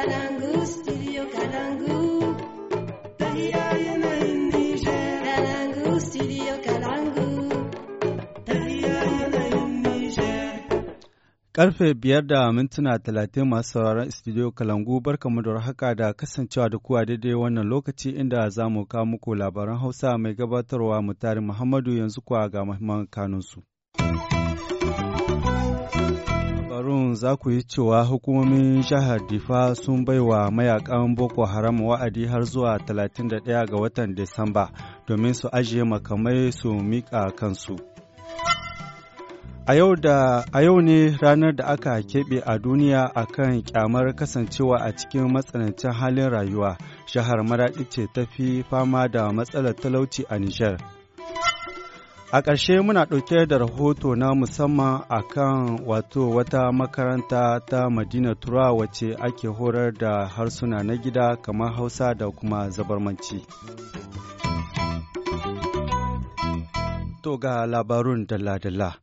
Kalangu, Karfe biyar da mintuna talatin masu sauraron studio Kalangu barkamu da haka da kasancewa da kuwa daidai wannan lokaci inda za mu kawo muku labaran Hausa mai gabatarwa mutari Muhammadu yanzu kuwa ga mahimman kanunsu. za ku yi cewa hukumomin jihar Difa sun baiwa mayakan Boko Haram wa'adi har zuwa 31 ga watan Disamba domin su ajiye makamai su miƙa kansu. A yau ne ranar da aka keɓe a duniya a kan ƙyamar kasancewa a cikin matsanancin halin rayuwa, jihar Maraɗi ce ta fi fama da matsalar talauci a Nijar. A ƙarshe muna ɗauke da rahoto na musamman a kan wato wata makaranta ta Madina Tura wacce ake horar da harsuna na gida kamar Hausa da kuma Zabarmanci. To ga labarun dalla-dalla.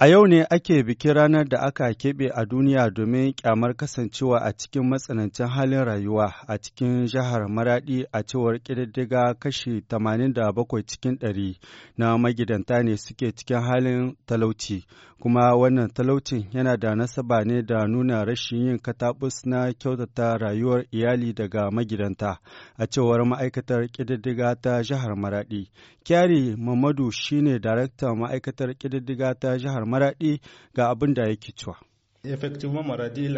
A yau ne ake bikin ranar da aka keɓe a duniya domin kyamar kasancewa a cikin matsanancin halin rayuwa a cikin jihar Maraɗi, a cewar ƙididdiga kashi 87 cikin 100 na magidanta ne suke cikin halin talauci, kuma wannan talaucin yana da nasaba ne da nuna rashin yin katabus na kyautata rayuwar iyali daga magidanta a cewar ma'aikatar ƙididdiga ta jihar Maraɗi. Kyari Mamadu shine daraktan ma'aikatar ƙididdiga ta jihar Maraɗi ga abin da yake cewa. Effectivement, Maradi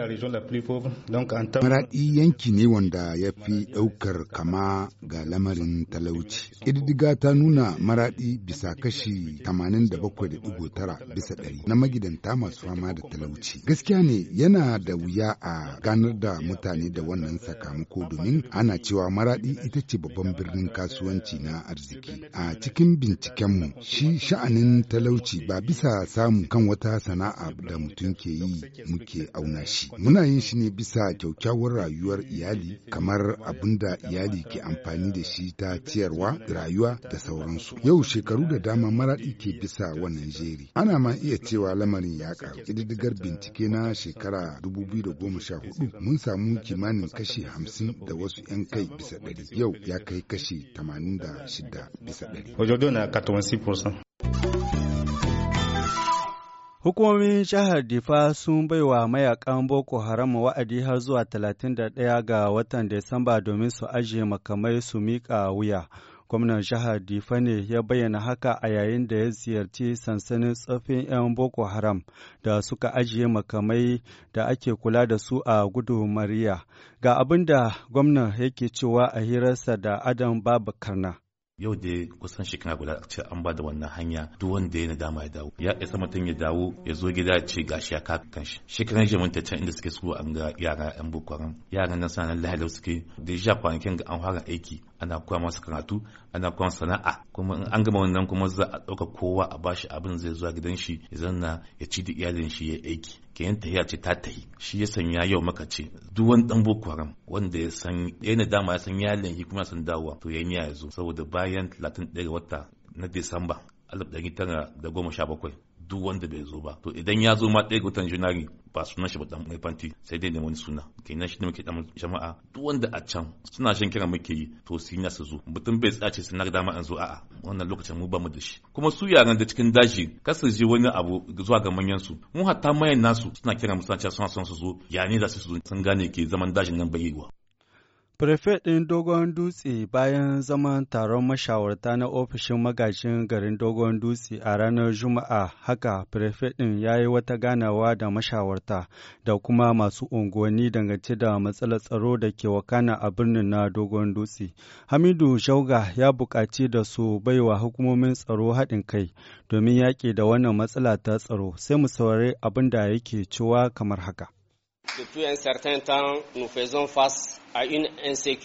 yanki ne wanda ya fi ɗaukar kama ga lamarin talauci. Ƙididdiga ta nuna maraɗi bisa kashi 87.9 bisa ɗari na magidanta masu fama da talauci. Gaskiya ne yana da wuya a ganar da mutane da wannan sakamako domin ana cewa maraɗi ita ce babban birnin kasuwanci na arziki. A cikin bincikenmu, shi sha'anin talauci ba bisa samu kan wata sana'a da mutum ke yi muke auna shi. Muna yin shi ne bisa kyaukyawar rayuwar iyali kamar abin da iyali ke amfani da shi ta ciyarwa, rayuwa da sauransu. Yau shekaru da dama maraɗi ke bisa wannan jeri. Ana ma iya cewa lamarin ya ƙaru. Ƙididdigar bincike na shekara 2014 mun samu kimanin kashi 50 da wasu 'yan kai bisa ɗari. Yau ya kai kashi 86 bisa ɗari. Aujourd'hui, Hukumomin jihar Difa sun baiwa mayakan Boko Haram wa'adi har zuwa 31 ga watan Disamba domin su ajiye makamai su miƙa wuya. Gwamnan jihar Difa ne ya bayyana haka a yayin da ya ziyarci sansanin tsafin 'yan Boko Haram da suka ajiye makamai da ake kula da su a gudu Mariya. Ga abin da gwamnan yake cewa a hirarsa da Adam karna yau dai kusan shekara guda ce an ba da wannan hanya duk wanda ya nadama ya dawo ya isa mutum ya dawo ya zo gida ya ce gashi ya kaka kanshi shekaran shi mun can inda suke so an ga yara yan bukwaran yaran nan sanan suke da ja kwanakin ga an fara aiki ana koya masu karatu ana koya sana'a kuma in an gama wannan kuma za a ɗauka kowa a bashi abin zai zuwa gidan shi ya zanna ya ci da iyalin shi ya aiki ke yin tahiya ce ta tahi shi ya sanya yau maka ce duk wani dan boko haram wanda ya san ya yana dama ya san yalin shi kuma san dawowa to ya niyya ya zo saboda bayan 31 ga wata na Disamba bakwai. duk wanda bai zo ba to idan ya zo ma ɗaya watan janairu ba sunan shi ba dan mai fanti sai dai ne wani suna kenan shi ne muke dan jama'a duk wanda a can suna shan kiran muke yi to su na su zo mutum bai tsace suna dama an zo a'a wannan lokacin mu ba mu da shi kuma su yaran da cikin daji kasu je wani abu zuwa ga manyan su mu hatta mayan nasu suna kiran mu suna cewa suna son su zo ya ne za su zo sun gane ke zaman dajin nan bai wa. Prefet ɗin Dogon Dutse bayan zaman taron mashawarta na ofishin magajin garin Dogon Dutse a ranar Juma'a haka Prefet ɗin ya yi wata ganawa da mashawarta da kuma masu unguwanni dangance da matsalar tsaro da ke wakana a birnin na Dogon Dutse. Hamidu Shauga ya buƙaci da su baiwa hukumomin tsaro haɗin kai domin yaƙi da wannan matsala ta tsaro sai mu saurari abin da yake cewa kamar haka. Depuis un certain temps, nous faisons face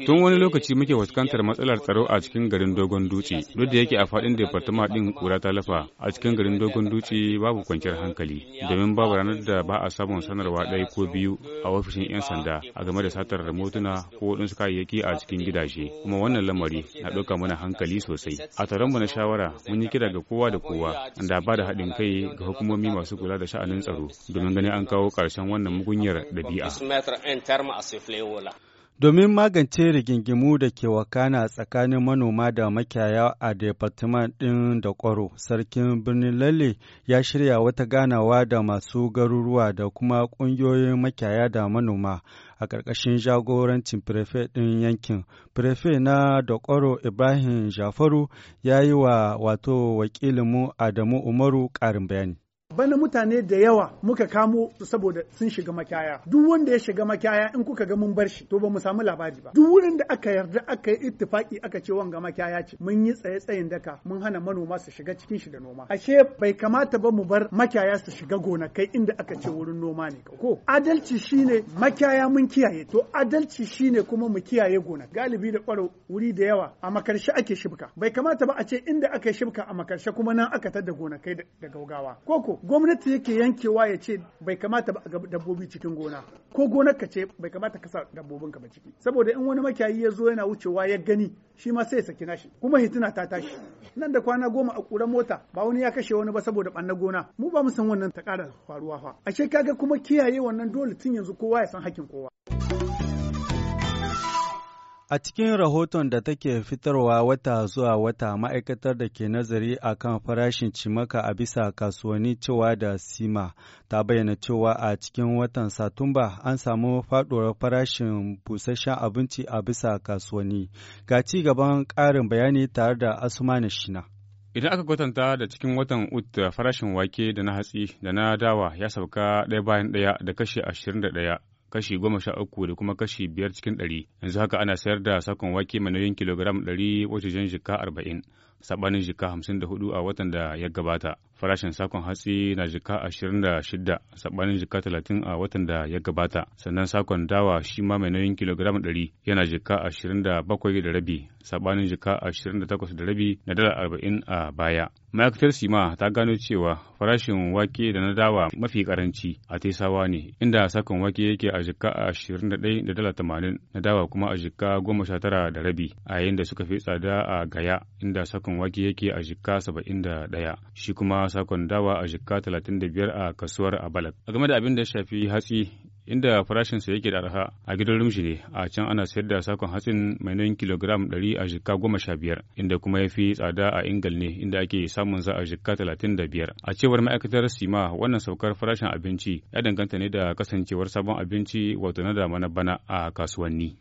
Tun wani lokaci muke fuskantar matsalar tsaro a cikin garin Dogon Dutse, duk da yake a faɗin departama ɗin kura ta lafa a cikin garin Dogon Dutse babu kwanciyar hankali, domin babu ranar da ba a samun sanarwa ɗaya ko biyu a ofishin 'yan sanda a game da satar motuna ko waɗansu kayayyaki a cikin gidaje, kuma wannan lamari na ɗauka mana hankali sosai. A taron mu na shawara mun yi kira ga kowa da kowa da ba da haɗin kai ga hukumomi masu kula da sha'anin tsaro domin ganin an kawo ƙarshen wannan mugunyar ɗabi'a. Domin magance rigingimu da ke wakana tsakanin manoma da makiyaya a Departement ɗin da kwaro, Sarkin birnin Lalle ya shirya wata ganawa da masu garuruwa da kuma ƙungiyoyin makiyaya da manoma a ƙarƙashin jagorancin Firefe ɗin yankin. Firefe na da Ibrahim Jafaru ya yi wa wato wakilinmu Adamu Umaru ƙarin bayani. bana mutane da yawa muka kamo su saboda sun shiga makyaya duk wanda ya shiga makaya in kuka ga mun bar shi to ba mu samu labari ba duk wurin da aka yarda aka yi ittifaki aka ce wanga makyaya ce mun yi tsaye tsayin daka mun hana manoma su shiga cikin shi da noma ashe bai kamata ba mu bar makyaya su shiga gonakai inda aka ce wurin noma ne ko adalci shine makaya mun kiyaye to adalci shine kuma mu kiyaye gona galibi da kwaro wuri da yawa a makarshe ake shibka bai kamata ba a ce inda aka shibka a makarshe kuma nan aka tada gonakai da gaugawa koko gwamnati yake yankewa ya ce bai kamata ba ga dabbobi cikin gona ko gonar ka ce bai kamata ka sa dabbobin ka ba ciki saboda in wani makiyayi ya zo yana wucewa ya gani shi ma sai ya saki nashi kuma hituna ta tashi nan da kwana goma a ƙuran mota ba wani ya kashe wani ba saboda ɓanna gona mu ba mu san wannan ta ƙara faruwa fa ashe kaga kuma kiyaye wannan dole tun yanzu kowa ya san hakkin kowa. A cikin rahoton da take fitarwa wata zuwa wata ma'aikatar da ke nazari a kan farashin cimaka a bisa kasuwanni cewa da sima ta bayyana cewa a cikin watan satumba an samu faɗuwar farashin busasshen abinci a bisa kasuwanni. Ga ci gaban ƙarin bayani tare da Asumani Shina. Idan aka kwatanta da cikin watan Ut farashin wake da na hatsi da na dawa ya sauka ɗaya bayan ɗaya da kashi ashirin da ɗaya kashi goma sha uku da kuma kashi biyar cikin ɗari yanzu haka ana sayar da sakon wake mai nauyin kilogiram ɗari wajejen jika arba'in sabanin jika 54 a watan da ya gabata. Farashin sakon hatsi na jika 26 sabanin jika 30 a watan da ya gabata. Sannan sakon dawa shi ma mai nauyin kilogram 100 yana jika ashirin da rabi sabanin jika ashirin da rabi na dala 40 a baya. Ma'aikatar Sima ta gano cewa farashin wake da na dawa mafi karanci a Tesawa ne, inda sakon wake yake a jika ashirin da dala tamanin na dawa kuma a jika tara da rabi a yayin da suka fi tsada a Gaya inda sakon sakon wake yake a jikka saba'in da ɗaya shi kuma sakon dawa a jikka talatin da biyar a kasuwar abalak a game da abin da ya shafi hatsi inda farashinsa yake da arha a gidan rumshi ne a can ana sayar da sakon hatsin mai nan kilogram ɗari a jikka goma sha biyar inda kuma ya fi tsada a ingal ne inda ake samun za a jikka talatin da biyar a cewar ma'aikatar sima wannan saukar farashin abinci ya danganta ne da kasancewar sabon abinci wato na damana bana a kasuwanni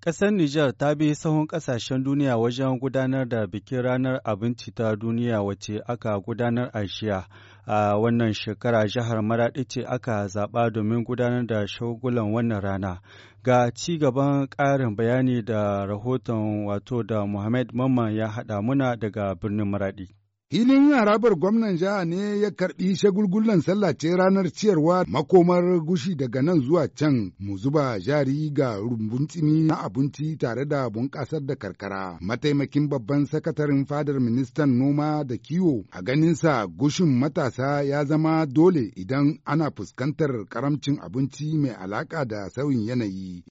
Ƙasar Nijar ta bi sahun ƙasashen duniya wajen gudanar da bikin ranar abinci ta duniya wacce aka gudanar a shiya. A wannan shekara jihar Maraɗi ce aka zaɓa domin gudanar da shagulan wannan rana. Ga ci gaban ƙarin bayani da rahoton wato da Muhammad Mamman ya haɗa muna daga birnin Maraɗi. Hilin harabar gwamnan jiha ne ya karɓi shagulgullan sallace ranar ciyarwa makomar gushi daga nan zuwa can mu zuba jari ga rumbun tsimi na abinci tare da bunƙasar da karkara. Mataimakin babban sakataren fadar ministan noma da kiwo a ganinsa gushin matasa ya zama dole idan ana fuskantar karamcin abinci mai alaƙa da sauyin yanayi.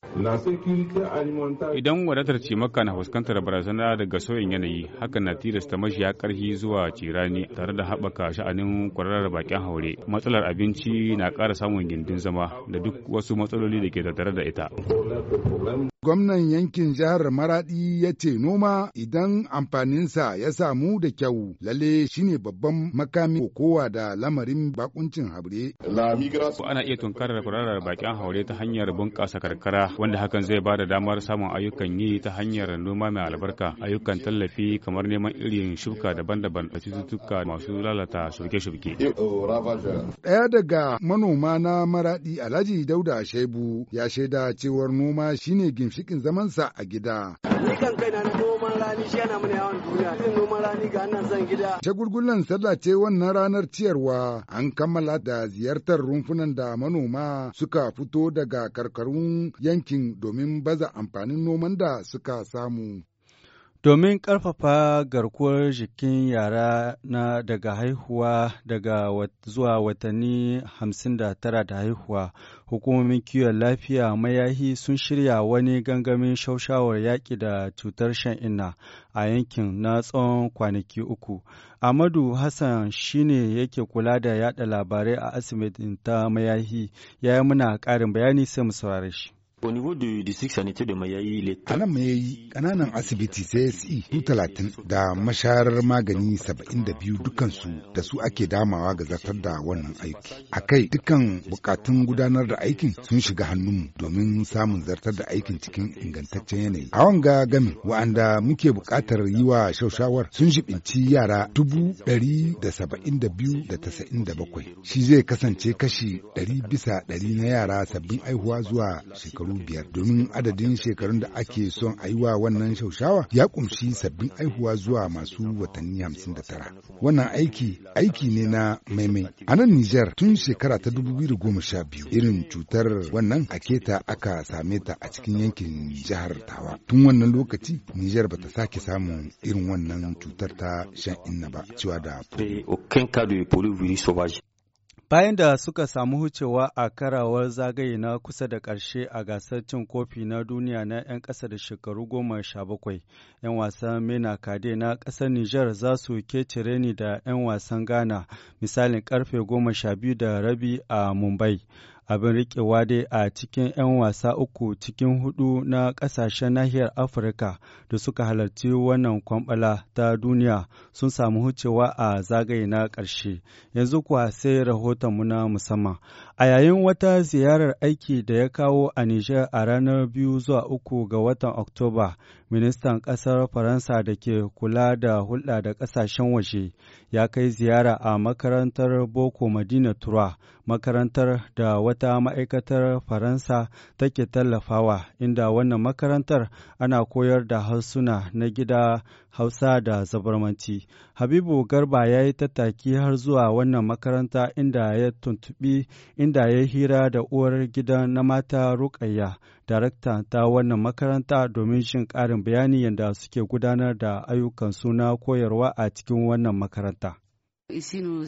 Idan wadatar cimaka na fuskantar barazana daga sauyin yanayi hakan na tilasta mashi ya ƙarfi zuwa zuwa cirani tare da haɓaka sha'anin kwararar bakin haure matsalar abinci na ƙara samun gindin zama da duk wasu matsaloli da ke tattare da ita Gwamnan yankin jihar Maraɗi ya ce noma idan amfaninsa ya samu da kyau lalle shine babban makami kowa da lamarin bakuncin haure. Ana iya tunkarar kwararar bakin haure ta hanyar bunƙasa karkara wanda hakan zai ba da damar samun ayyukan yi ta hanyar noma mai albarka ayyukan tallafi kamar neman irin shuka daban-daban da cututtuka masu lalata shuke-shuke. Ɗaya daga manoma na Maraɗi Alhaji Dauda Shaibu ya shaida cewar noma shine ginshi-ginshi. cikin zamansa a gida. Ni kan kai na noman rani shi yana mana yawon duniya. Zan noman rani ga nan zan gida. Shagulgulan sallah ce wannan ranar ciyarwa an kammala da ziyartar rumfunan da manoma suka fito daga karkarun yankin domin baza amfanin noman da suka samu. Domin ƙarfafa garkuwar jikin yara na daga haihuwa daga zuwa watanni 59 da haihuwa, hukumomin kiwon lafiya mayahi sun shirya wani gangamin shaushawar yaƙi da cutar shan inna a yankin na tsawon kwanaki uku. Amadu Hassan shine yake kula da yada labarai a asibitin ta mayahi, ya yi muna ƙarin bayani sai mu saurare shi. A nan mayayi ƙananan asibiti CSE su talatin da masharar magani saba'in da biyu da su ake damawa ga zartar da wannan aiki. A kai dukkan bukatun gudanar da aikin sun shiga hannunmu domin samun zartar da aikin cikin ingantaccen yanayi. A wanga gami, wa'anda muke buƙatar yiwa wa shaushawar sun shibinci yara dubu bakwai. Shi zai kasance kashi ɗari bisa ɗari na yara sabbin aihuwa zuwa shekaru biyar domin adadin shekarun da ake son a yi wa wannan shaushawa ya kumshi sabbin aihuwa zuwa masu watanni hamsin da tara. Wannan aiki aiki ne na maimai. A nan Nijar tun shekara ta dubu biyu da goma sha biyu irin cutar wannan a keta aka same ta a cikin yankin jihar Tawa. Tun wannan lokaci Nijar bata sake samun irin wannan cutar ta shan inna ba cewa da. Bayan da suka samu hucewa a karawar zagaye na kusa da ƙarshe a gasar cin kofi na duniya na 'yan ƙasa da shekaru goma sha bakwai, 'yan wasan Mena Kade na ƙasar Nijar za su kecire ni da 'yan wasan Ghana misalin ƙarfe goma sha biyu da rabi a Mumbai. abin riƙewa dai a cikin 'yan wasa uku cikin hudu na ƙasashen nahiyar afirka da suka halarci wannan kwambala ta duniya sun samu hucewa a zagaye na ƙarshe yanzu kuwa sai rahotonmu na musamman A yayin wata ziyarar aiki da ya kawo a Nijar a ranar biyu zuwa uku ga watan Oktoba, ministan ƙasar Faransa da ke kula da hulɗa da ƙasashen waje ya kai ziyara a makarantar Boko Madina Tura, makarantar da wata ma'aikatar Faransa take tallafawa, inda wannan makarantar ana koyar da harsuna na gida Hausa da Zabarmanci. Habibu Garba ya yi tattaki har zuwa wannan makaranta inda ya tuntuɓi inda ya hira da uwar gidan na mata Rukayya, darakta ta wannan makaranta domin shin ƙarin bayani yadda suke gudanar da ayyukan suna koyarwa a cikin wannan makaranta. Ici nous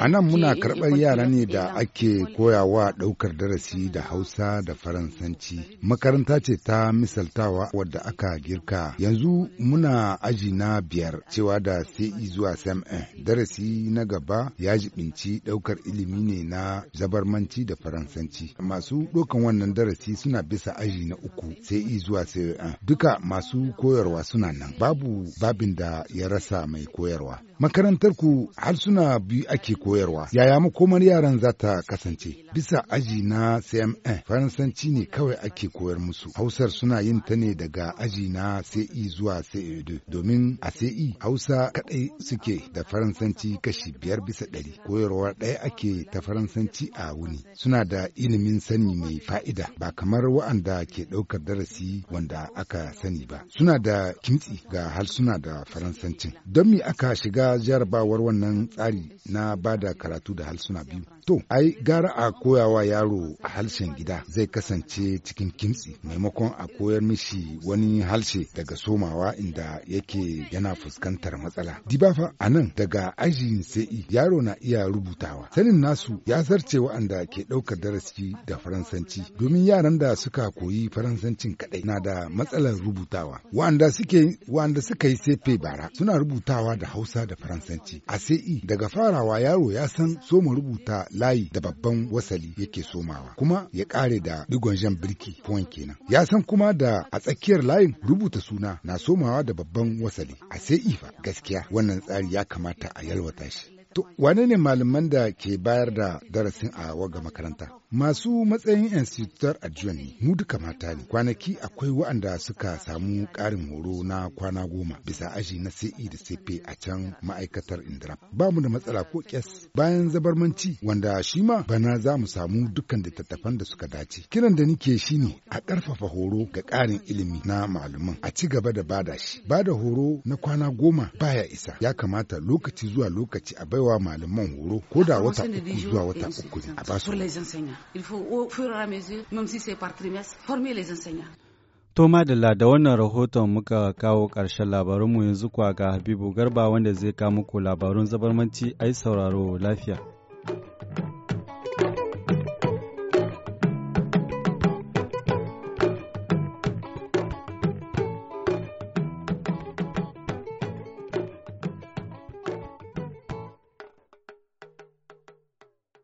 Anan muna karɓar yara ne da ake koyawa ɗaukar darasi da Hausa da Faransanci. Makaranta ce ta misaltawa wadda aka girka. Yanzu muna aji na biyar cewa da CE zuwa SME. Darasi na gaba ya jibinci ɗaukar ilimi ne na zabarmanci da Faransanci. Masu ɗaukan wannan darasi suna bisa aji na uku sai zuwa CE. Duka masu koyarwa suna nan. Babu babin da ya rasa mai koyarwa. Makarantar ku harsuna biyu ake koyarwa, yaya makomar yaran za ta kasance? Bisa aji na CMN, Faransanci ne kawai ake koyar musu. Hausar suna yin ta ne daga aji na CE zuwa ce domin a CE Hausa kaɗai suke da Faransanci kashi biyar bisa ɗari. Koyarwa ɗaya ake ta Faransanci a wuni. Suna da ilimin sani mai fa'ida, ba kamar wa'anda ke ɗaukar darasi wanda aka sani ba. Suna da kintsi ga harsuna suna da faransanci don me aka shiga jarabawar wannan tsari na bada karatu da halsuna biyu to ai gara a koyawa yaro a halshen gida zai kasance cikin kintsi maimakon a koyar mishi wani halshe daga somawa inda yake yana fuskantar matsala dibafa a nan daga ajiyin sai yaro na iya rubutawa sanin nasu ya zarce wa'anda ke ɗaukar darasi da faransanci domin yaran da suka koyi faransancin kaɗai na da matsalar rubutawa wa'anda suke wa'anda suka ICP bara suna rubutawa da Hausa da Faransanci. A sa'i e, daga farawa yaro ya san soma rubuta layi da babban wasali yake somawa kuma ya kare da digon jan birki point kenan. Ya san kuma da a tsakiyar layin rubuta suna na somawa da babban wasali. A sai e fa gaskiya wannan tsari ya kamata a yalwata shi. To wane ne malaman da ke bayar da darasin a waga makaranta? Masu matsayin institutar adjuwan mu duka mata ne. Kwanaki akwai waɗanda suka samu ƙarin horo na kwana goma bisa aji na CE da CP a can ma'aikatar Indira. Ba mu da matsala ko kyas bayan zabarmanci wanda shi ma bana za mu samu dukkan littattafan da suka dace. Kiran da nike shi ne a ƙarfafa horo ga ƙarin ilimi na malaman a ci gaba da bada shi. Bada horo na kwana goma baya isa ya kamata lokaci zuwa lokaci a baiwa malaman horo ko da wata uku zuwa wata uku ne a basu. Il faut au fur et à mesure, même si c'est par trimestre, former les enseignants. To Madalla da wannan rahoton muka kawo ƙarshen labarunmu yanzu kwa ga Habibu Garba wanda zai kawo muku labarun zabarmanci ai sauraro lafiya.